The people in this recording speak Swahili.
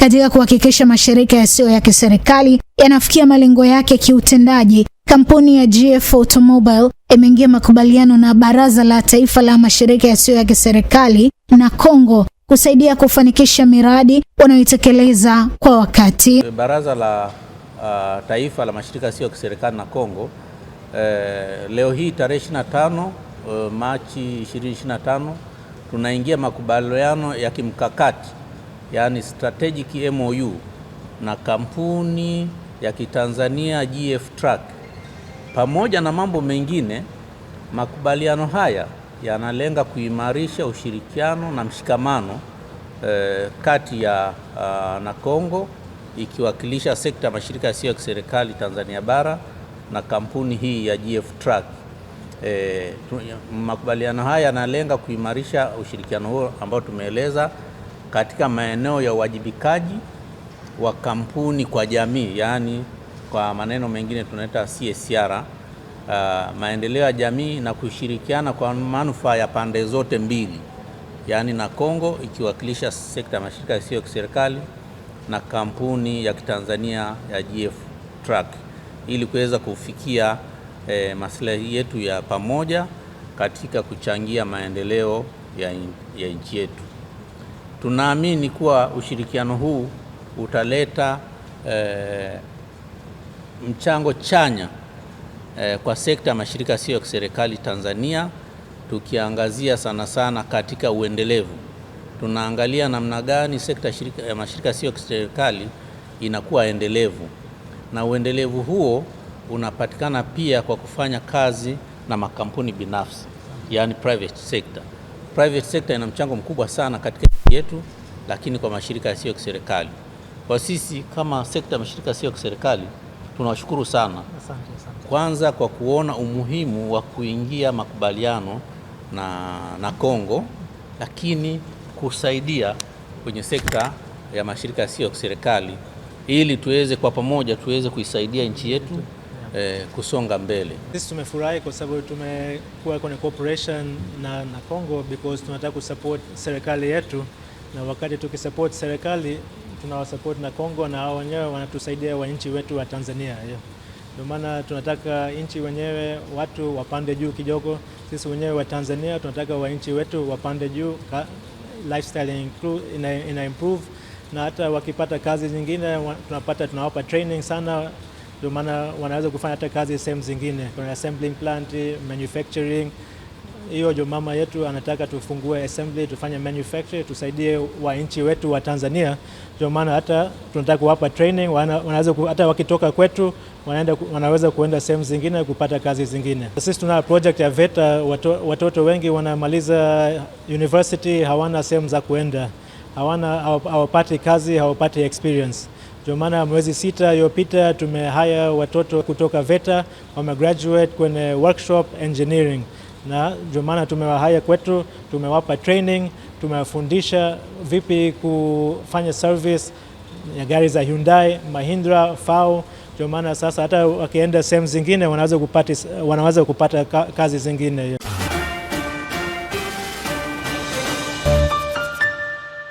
katika kuhakikisha mashirika yasiyo ya kiserikali yanafikia malengo yake kiutendaji. Kampuni ya GF Automobile imeingia makubaliano na Baraza la Taifa la Mashirika Yasiyo ya Kiserikali na Kongo kusaidia kufanikisha miradi wanayoitekeleza kwa wakati. Baraza la uh, Taifa la Mashirika Yasiyo ya Kiserikali na Kongo eh, uh, leo hii tarehe 25 uh, Machi 2025 tunaingia makubaliano ya kimkakati yani strategic MOU na kampuni ya Kitanzania GF Truck. Pamoja na mambo mengine, makubaliano haya yanalenga kuimarisha ushirikiano na mshikamano eh, kati ya uh, na Kongo ikiwakilisha sekta ya mashirika yasiyo ya kiserikali Tanzania bara na kampuni hii ya GF Truck. E, makubaliano haya yanalenga kuimarisha ushirikiano huo ambao tumeeleza katika maeneo ya uwajibikaji wa kampuni kwa jamii, yaani kwa maneno mengine tunaita CSR, uh, maendeleo ya jamii na kushirikiana kwa manufaa ya pande zote mbili, yaani na Kongo ikiwakilisha sekta ya mashirika yasiyo ya kiserikali na kampuni ya Kitanzania ya GF Truck ili kuweza kufikia eh, maslahi yetu ya pamoja katika kuchangia maendeleo ya, in, ya nchi yetu. Tunaamini kuwa ushirikiano huu utaleta e, mchango chanya e, kwa sekta ya mashirika sio ya kiserikali Tanzania, tukiangazia sana sana katika uendelevu. Tunaangalia namna gani sekta shirika, ya mashirika sio ya kiserikali inakuwa endelevu, na uendelevu huo unapatikana pia kwa kufanya kazi na makampuni binafsi, yani private sector private sector ina mchango mkubwa sana katika nchi yetu, lakini kwa mashirika yasiyo ya kiserikali. Kwa sisi kama sekta ya mashirika yasiyo ya kiserikali tunawashukuru sana, kwanza kwa kuona umuhimu wa kuingia makubaliano na, na Kongo, lakini kusaidia kwenye sekta ya mashirika yasiyo ya kiserikali ili tuweze kwa pamoja tuweze kuisaidia nchi yetu eh, kusonga mbele. Sisi tumefurahi kwa sababu tumekuwa kwenye cooperation na, na Congo because tunataka kusupport serikali yetu, na wakati tukisupport serikali tunawasupport na Congo na hao wenyewe wanatusaidia wananchi wetu wa Tanzania yeah. Ndio maana tunataka nchi wenyewe watu wapande juu kidogo. Sisi wenyewe wa Tanzania tunataka wananchi wetu wapande juu, lifestyle ina, ina improve na hata wakipata kazi nyingine tunapata tunawapa training sana ndio maana wanaweza kufanya hata kazi sehemu zingine. Kuna assembling plant, manufacturing. Hiyo ndio mama yetu anataka tufungue assembly, tufanye manufacture, tusaidie wananchi wetu wa Tanzania. Ndio maana hata tunataka kuwapa training, wanaweza hata wakitoka kwetu wanaenda, wanaweza kuenda sehemu zingine kupata kazi zingine. Sisi tuna project ya VETA, watoto, watoto wengi wanamaliza university hawana sehemu za kuenda, hawana hawapati kazi, hawapati experience ndio maana mwezi sita iliyopita tumehaya watoto kutoka VETA wamegraduate kwenye workshop engineering, na ndio maana tumewahaya kwetu, tumewapa training, tumewafundisha vipi kufanya service ya gari za Hyundai, Mahindra, FAW. Ndio maana sasa hata wakienda sehemu zingine wanaweza kupata, wanaweza kupata kazi zingine.